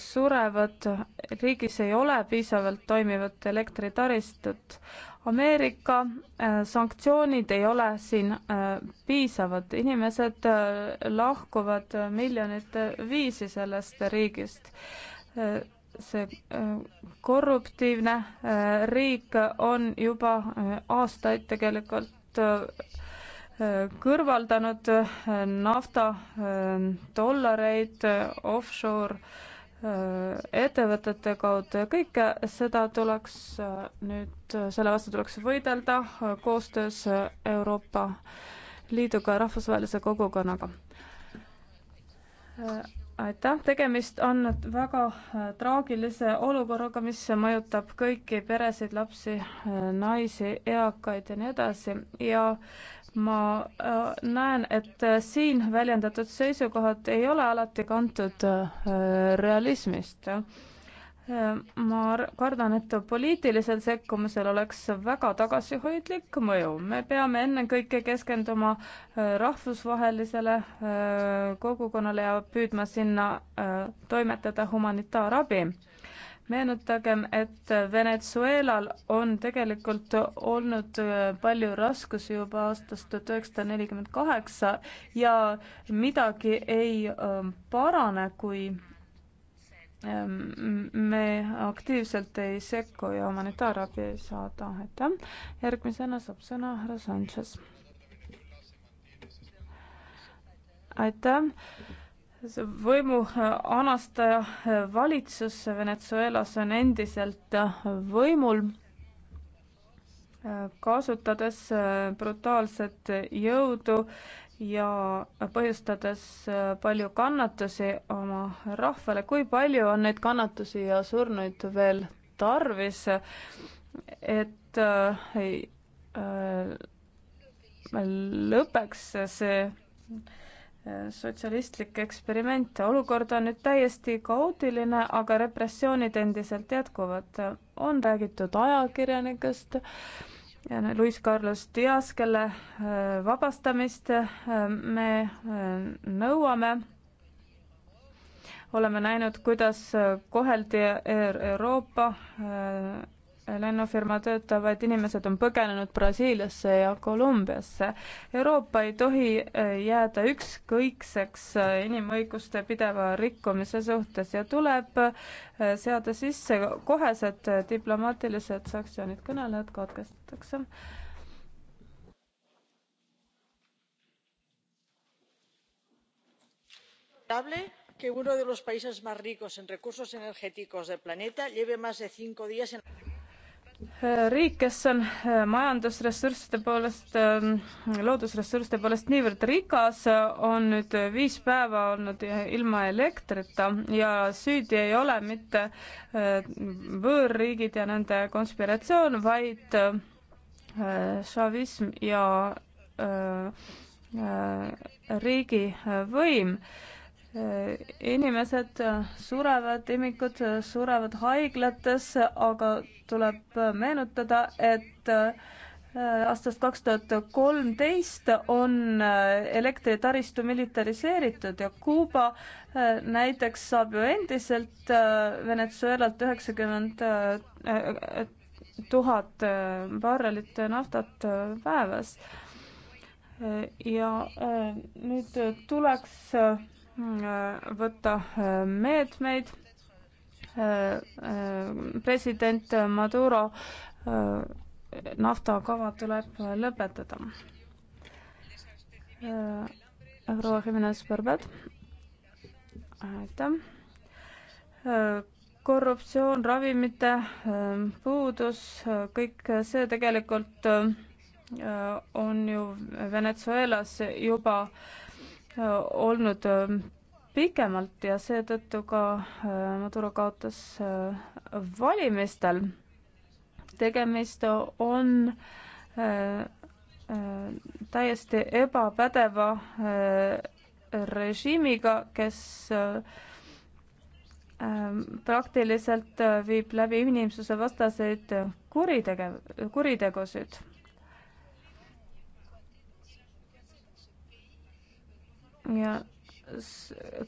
surevad, riigis ei ole piisavalt toimivat elektritaristut. Ameerika äh, sanktsioonid ei ole siin äh, piisavad, inimesed äh, lahkuvad miljonite viisi sellest riigist see äh, korruptiivne äh, riik on juba äh, aastaid tegelikult kõrvaldanud naftadollareid offshore ettevõtete kaudu ja kõike seda tuleks nüüd, selle vastu tuleks võidelda koostöös Euroopa Liiduga ja rahvusvahelise kogukonnaga aitäh, tegemist on väga äh, traagilise olukorraga, mis mõjutab kõiki peresid, lapsi, äh, naisi, eakaid ja nii edasi ja ma äh, näen, et siin väljendatud seisukohad ei ole alati kantud realismist ma kardan, et poliitilisel sekkumisel oleks väga tagasihoidlik mõju. me peame ennekõike keskenduma äh, rahvusvahelisele äh, kogukonnale ja püüdma sinna äh, toimetada humanitaarabi meenutagem, et Venezuelal on tegelikult olnud palju raskusi juba aastast tuhat üheksasada nelikümmend kaheksa ja midagi ei parane, kui me aktiivselt ei sekku ja humanitaarabi ei saada. aitäh. järgmisena saab sõna härra Sanchez. aitäh võimu äh, anastaja äh, valitsus Venezuelas on endiselt äh, võimul, kasutades brutaalset jõudu ja põhjustades äh, palju kannatusi oma rahvale. kui palju on neid kannatusi ja surnuid veel tarvis, et äh, äh, lõpeks see sotsialistlik eksperiment. olukord on nüüd täiesti kaootiline, aga repressioonid endiselt jätkuvad. on räägitud ajakirjanikest, Luis Carlos Dias, kelle äh, vabastamist äh, me äh, nõuame oleme näinud, kuidas koheldi e-, Euroopa lennufirma töötavad inimesed on põgenenud Brasiiliasse ja Kolumbiasse. Euroopa ei tohi äh, jääda ükskõikseks äh, inimõiguste pideva rikkumise suhtes ja tuleb äh, seada sisse kohesed diplomaatilised sanktsioonid. kõnelejad katkestatakse. Dable que uno de los países más ricos en recursos energéticos del planeta lleve más de cinco días en riik, kes on äh, majandusressursside poolest, ähm, loodusressursside poolest niivõrd rikas, on nüüd viis päeva olnud ilma elektrita ja süüdi ei ole mitte äh, võõrriigid ja nende konspiratsioon, vaid äh, šovism ja riigivõim inimesed äh, surevad, imikud äh, surevad haiglates, aga tuleb äh, meenutada, et aastast kaks tuhat kolmteist on elektritaristu militariseeritud ja Kuuba näiteks saab ju endiselt Venezuelalt üheksakümmend tuhat barrelit naftat päevas. ja nüüd tuleks Mm, äh, võtta äh, meetmeid. Äh, president Maduro naftakava tuleb lõpetada. proua Jimenez Barbet. aitäh. korruptsioon, ravimite puudus, kõik see tegelikult on ju Venezuelas juba äh, Äh, olnud äh, pikemalt ja seetõttu ka äh, Maduro kaotas valimistel. tegemist on täiesti ebapädeva režiimiga, kes praktiliselt viib läbi inimsuse vastaseid kuritege-, kuritegusid ja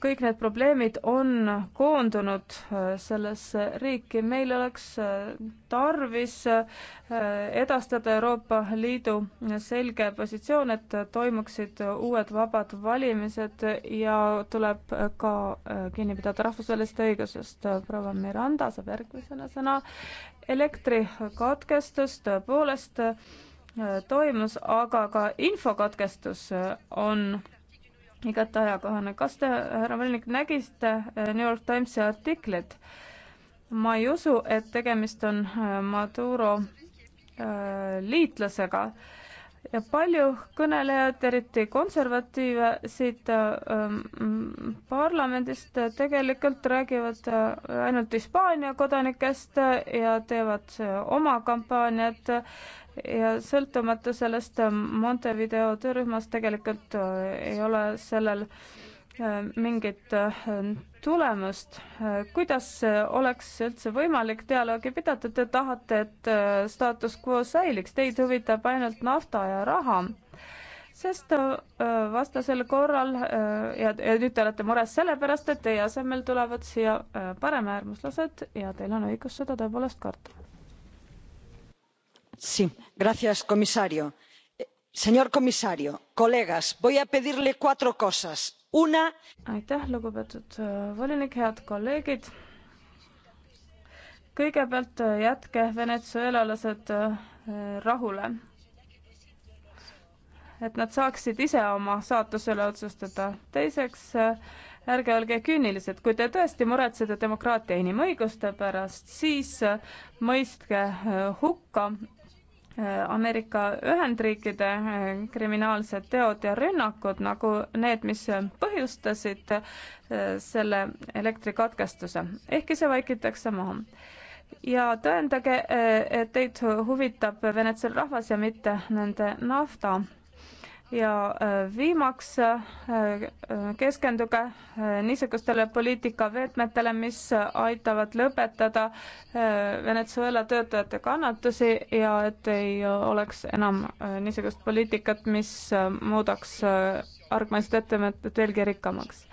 kõik need probleemid on koondunud äh, sellesse riiki. meil oleks äh, tarvis äh, edastada Euroopa Liidu selge positsioon, et toimuksid uued vabad valimised ja tuleb ka kinni pidada rahvusvahelisest õigusest. proua Miranda saab järgmisena sõna. elektrikatkestus tõepoolest toimus, aga ka infokatkestus on igati ajakohane. kas te, härra Võlnik, nägite äh, New York Timesi artiklit? ma ei usu, et tegemist on äh, Maduro äh, liitlasega ja palju kõnelejad, eriti konservatiive siit ähm, parlamendist tegelikult räägivad äh, ainult Hispaania kodanikest äh, ja teevad äh, oma kampaaniat ja sõltumata sellest Montevideo töörühmast tegelikult ei ole sellel mingit tulemust. kuidas oleks üldse võimalik dialoogi pidada, te tahate, et äh, staatus quo säiliks, teid huvitab ainult nafta ja raha sest äh, vastasel korral äh, ja, ja nüüd te olete mures sellepärast, et teie asemel tulevad siia paremäärmuslased ja teil on õigus seda tõepoolest karta. Sí, gracias, comisario señor comisario colegas voy a pedirle cuatro cosas una. aitäh lugupeetud äh, volinik head kolleegid kõigepealt äh, jätke venezuelalased äh, rahule et nad saaksid ise oma saatuse üle otsustada. teiseks, ärge olge küünilised, kui te tõesti muretsete demokraatia inimõiguste pärast, siis mõistke hukka Ameerika Ühendriikide eh, kriminaalsed teod ja rünnakud, nagu need, mis põhjustasid eh, selle elektrikatkestuse, ehkki see vaikitakse maha. ja tõendage, eh, et teid huvitab Venetsia rahvas ja mitte nende nafta ja äh, viimaks äh, keskenduge äh, niisugustele poliitikaveetmetele, mis aitavad lõpetada Venezuela töötajate kannatusi ja et ei oleks enam niisugust poliitikat, mis muudaks argmaist ettevõtet veelgi rikkamaks.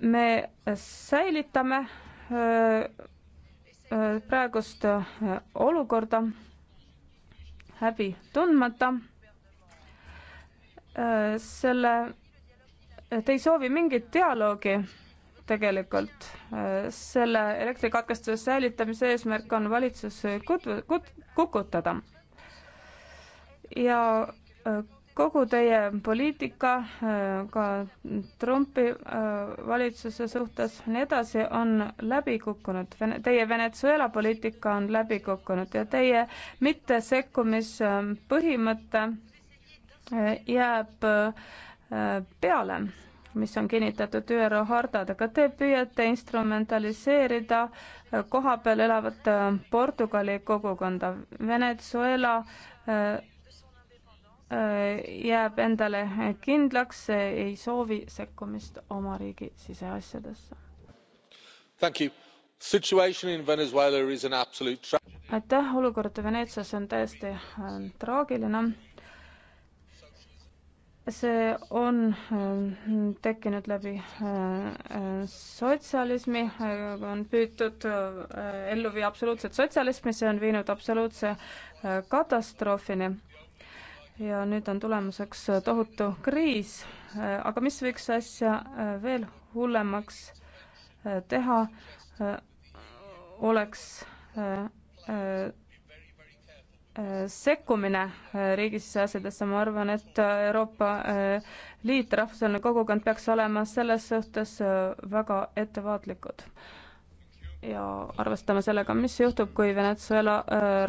me säilitame praegust olukorda häbi tundmata. Äh, selle, te ei soovi mingit dialoogi tegelikult. Äh, selle elektrikatkestuse säilitamise eesmärk on valitsus kut-, kut-, kukutada. ja äh, kogu teie poliitika ka Trumpi äh, valitsuse suhtes ja nii edasi on läbi kukkunud. Teie Venezuela poliitika on läbi kukkunud ja teie mittesekkumispõhimõte äh, jääb äh, peale, mis on kinnitatud ÜRO hardadega. Te püüate instrumentaliseerida kohapeal elavat Portugali kogukonda. Venezuela Äh, jääb endale kindlaks, ei soovi sekkumist oma riigi siseasjadesse. aitäh, olukord Veneetsias on täiesti äh, traagiline. see on äh, tekkinud läbi sotsialismi, on püütud ellu viia absoluutset sotsialismi, see on viinud absoluutse katastroofini ja nüüd on tulemuseks äh, tohutu kriis. Äh, aga mis võiks asja äh, veel hullemaks teha, oleks sekkumine riigisse asjadesse, ma arvan, et Euroopa Liit, rahvusvaheline kogukond peaks olema selles suhtes väga ettevaatlikud ja arvestama sellega, mis juhtub, kui Venezuela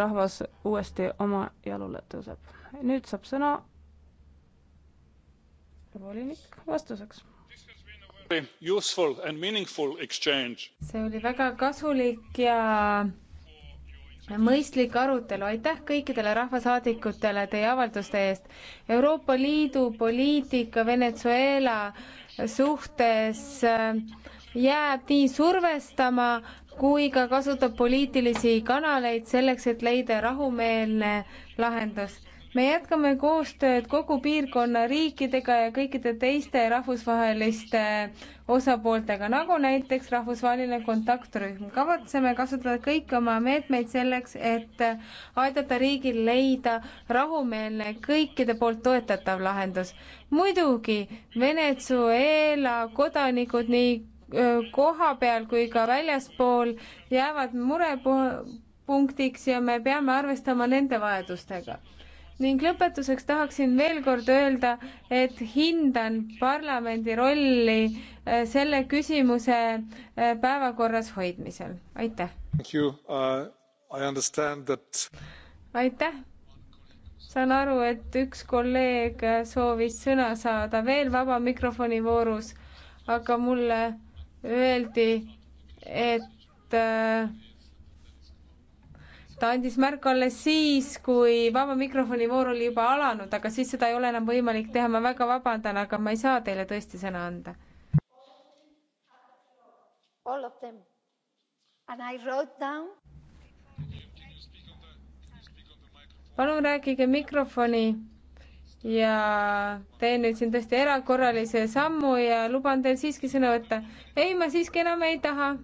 rahvas uuesti oma jalule tõuseb nüüd saab sõna volinik vastuseks. see oli väga kasulik ja mõistlik arutelu, aitäh kõikidele rahvasaadikutele teie avalduste eest. Euroopa Liidu poliitika Venezuela suhtes äh, jääb nii survestama kui ka kasutab poliitilisi kanaleid selleks, et leida rahumeelne lahendus me jätkame koostööd kogu piirkonna riikidega ja kõikide teiste rahvusvaheliste osapooltega, nagu näiteks rahvusvaheline kontaktrühm. kavatseme kasutada kõiki oma meetmeid selleks, et aidata riigil leida rahumeelne, kõikide poolt toetatav lahendus. muidugi Venezuela kodanikud nii kohapeal kui ka väljaspool jäävad murepunktiks ja me peame arvestama nende vajadustega ning lõpetuseks tahaksin veel kord öelda, et hindan parlamendi rolli äh, selle küsimuse äh, päevakorras hoidmisel. aitäh! Uh, that... aitäh! saan aru, et üks kolleeg äh, soovis sõna saada veel vaba mikrofoni voorus, aga mulle öeldi, et äh, ta andis märku alles siis, kui vaba mikrofoni voor oli juba alanud, aga siis seda ei ole enam võimalik teha, ma väga vabandan, aga ma ei saa teile tõesti sõna anda. All of them and I wrote down palun rääkige mikrofoni ja teen nüüd siin tõesti erakorralise sammu ja luban teil siiski sõna võtta. ei, ma siiski enam ei taha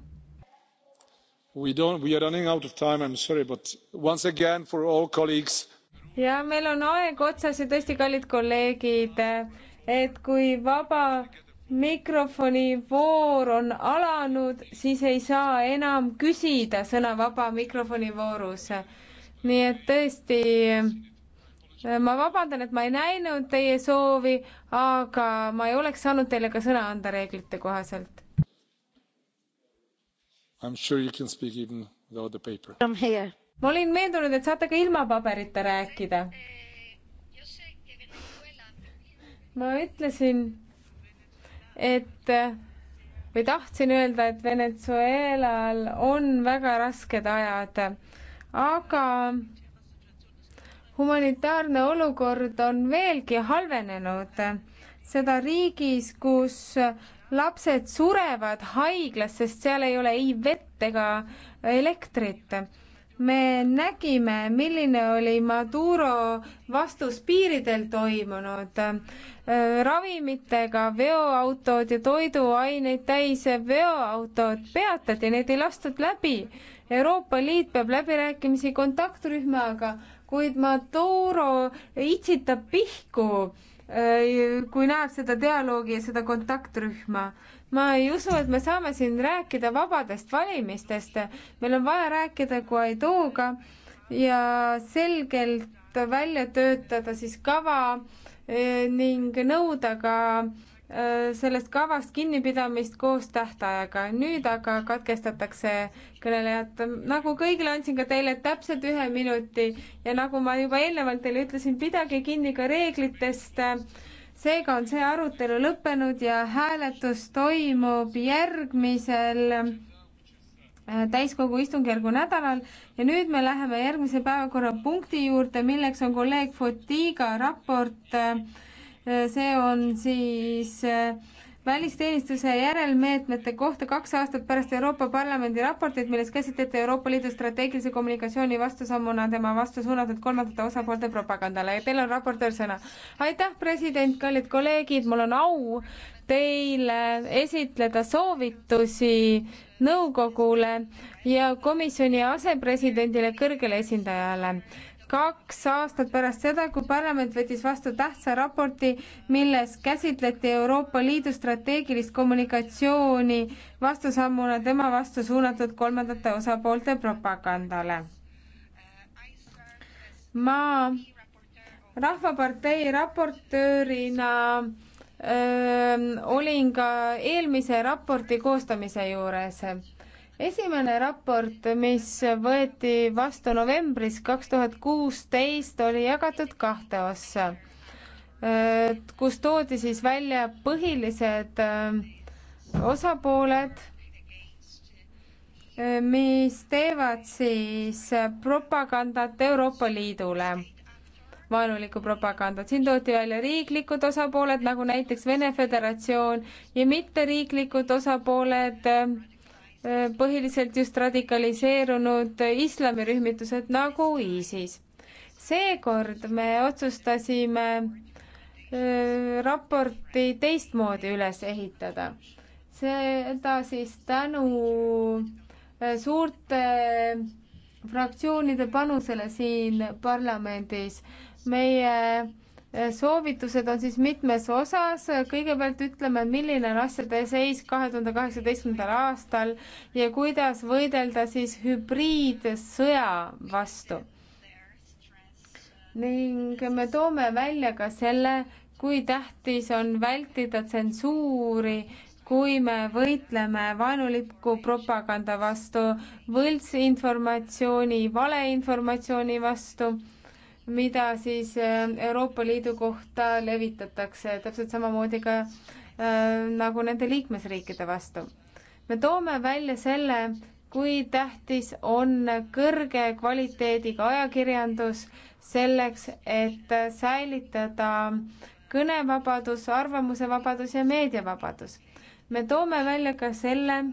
we are running out of time, I am sorry, but once again for all colleagues. ja meil on aeg otsas ja tõesti, kallid kolleegid, et kui vaba mikrofoni voor on alanud, siis ei saa enam küsida sõna vaba mikrofoni voorus. nii et tõesti, ma vabandan, et ma ei näinud teie soovi, aga ma ei oleks saanud teile ka sõna anda reeglite kohaselt. Sure ma olin veendunud, et saate ka ilma paberita rääkida. ma ütlesin, et või tahtsin öelda, et Venezuelal on väga rasked ajad, aga humanitaarne olukord on veelgi halvenenud seda riigis, kus lapsed surevad haiglas, sest seal ei ole ei vett ega elektrit. me nägime, milline oli Maduro vastus piiridel toimunud ravimitega veoautod ja toiduaineid täis veoautod peatati, neid ei lastud läbi. Euroopa Liit peab läbirääkimisi kontaktrühmaga, kuid Maduro itsitab pihku, äh, kui näeb seda dialoogi ja seda kontaktrühma. ma ei usu, et me saame siin rääkida vabadest valimistest, meil on vaja rääkida Guaidoga ja selgelt välja töötada siis kava äh, ning nõuda ka äh, Äh, sellest kavast kinnipidamist koos tähtajaga. nüüd aga katkestatakse kõnelejad. nagu kõigile andsin ka teile täpselt ühe minuti ja nagu ma juba eelnevalt teile ütlesin, pidage kinni ka reeglitest. seega on see arutelu lõppenud ja hääletus toimub järgmisel äh, täiskogu istungjärgu nädalal ja nüüd me läheme järgmise päevakorrapunkti juurde, milleks on kolleeg Fotiga raport äh, see on siis äh, välisteenistuse järelmeetmete kohta kaks aastat pärast Euroopa Parlamendi raportit, milles käsitleti Euroopa Liidu strateegilise kommunikatsiooni vastusammuna tema vastu suunatud kolmandate osapoolte propagandale ja teil on raportöör sõna. aitäh, president, kallid kolleegid, mul on au teile esitleda soovitusi nõukogule ja komisjoni asepresidendile, kõrgele esindajale kaks aastat pärast seda, kui parlament võttis vastu tähtsa raporti, milles käsitleti Euroopa Liidu strateegilist kommunikatsiooni vastusammuna tema vastu suunatud kolmandate osapoolte propagandale. ma Rahvapartei raportöörina öö, olin ka eelmise raporti koostamise juures esimene raport, mis võeti vastu novembris kaks tuhat kuusteist, oli jagatud kahte ossa, äh, kus toodi siis välja põhilised äh, osapooled, äh, mis teevad siis propagandat Euroopa Liidule, vaenulikku propagandat. siin toodi välja riiklikud osapooled, nagu näiteks Vene Föderatsioon ja mitteriiklikud osapooled äh, põhiliselt just radikaliseerunud islamirühmitused nagu ISIS. seekord me otsustasime raporti teistmoodi üles ehitada. seda siis tänu suurte fraktsioonide panusele siin parlamendis. meie soovitused on siis mitmes osas, kõigepealt ütleme, milline on asjade seis kahe tuhande kaheksateistkümnendal aastal ja kuidas võidelda siis hübriidsõja vastu. ning me toome välja ka selle, kui tähtis on vältida tsensuuri, kui me võitleme vaenuliku propaganda vastu, võltsinformatsiooni, valeinformatsiooni vastu mida siis äh, Euroopa Liidu kohta levitatakse, täpselt samamoodi ka äh, nagu nende liikmesriikide vastu. me toome välja selle, kui tähtis on kõrge kvaliteediga ajakirjandus selleks, et säilitada kõnevabadus, arvamusevabadus ja meediavabadus. me toome välja ka selle,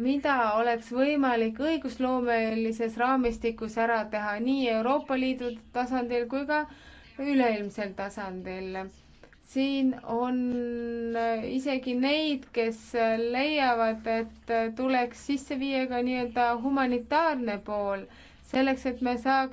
mida oleks võimalik õigusloomelises raamistikus ära teha nii Euroopa Liidu tasandil kui ka üleilmsel tasandil. siin on isegi neid, kes leiavad, et tuleks sisse viia ka nii-öelda humanitaarne pool, selleks et me saaks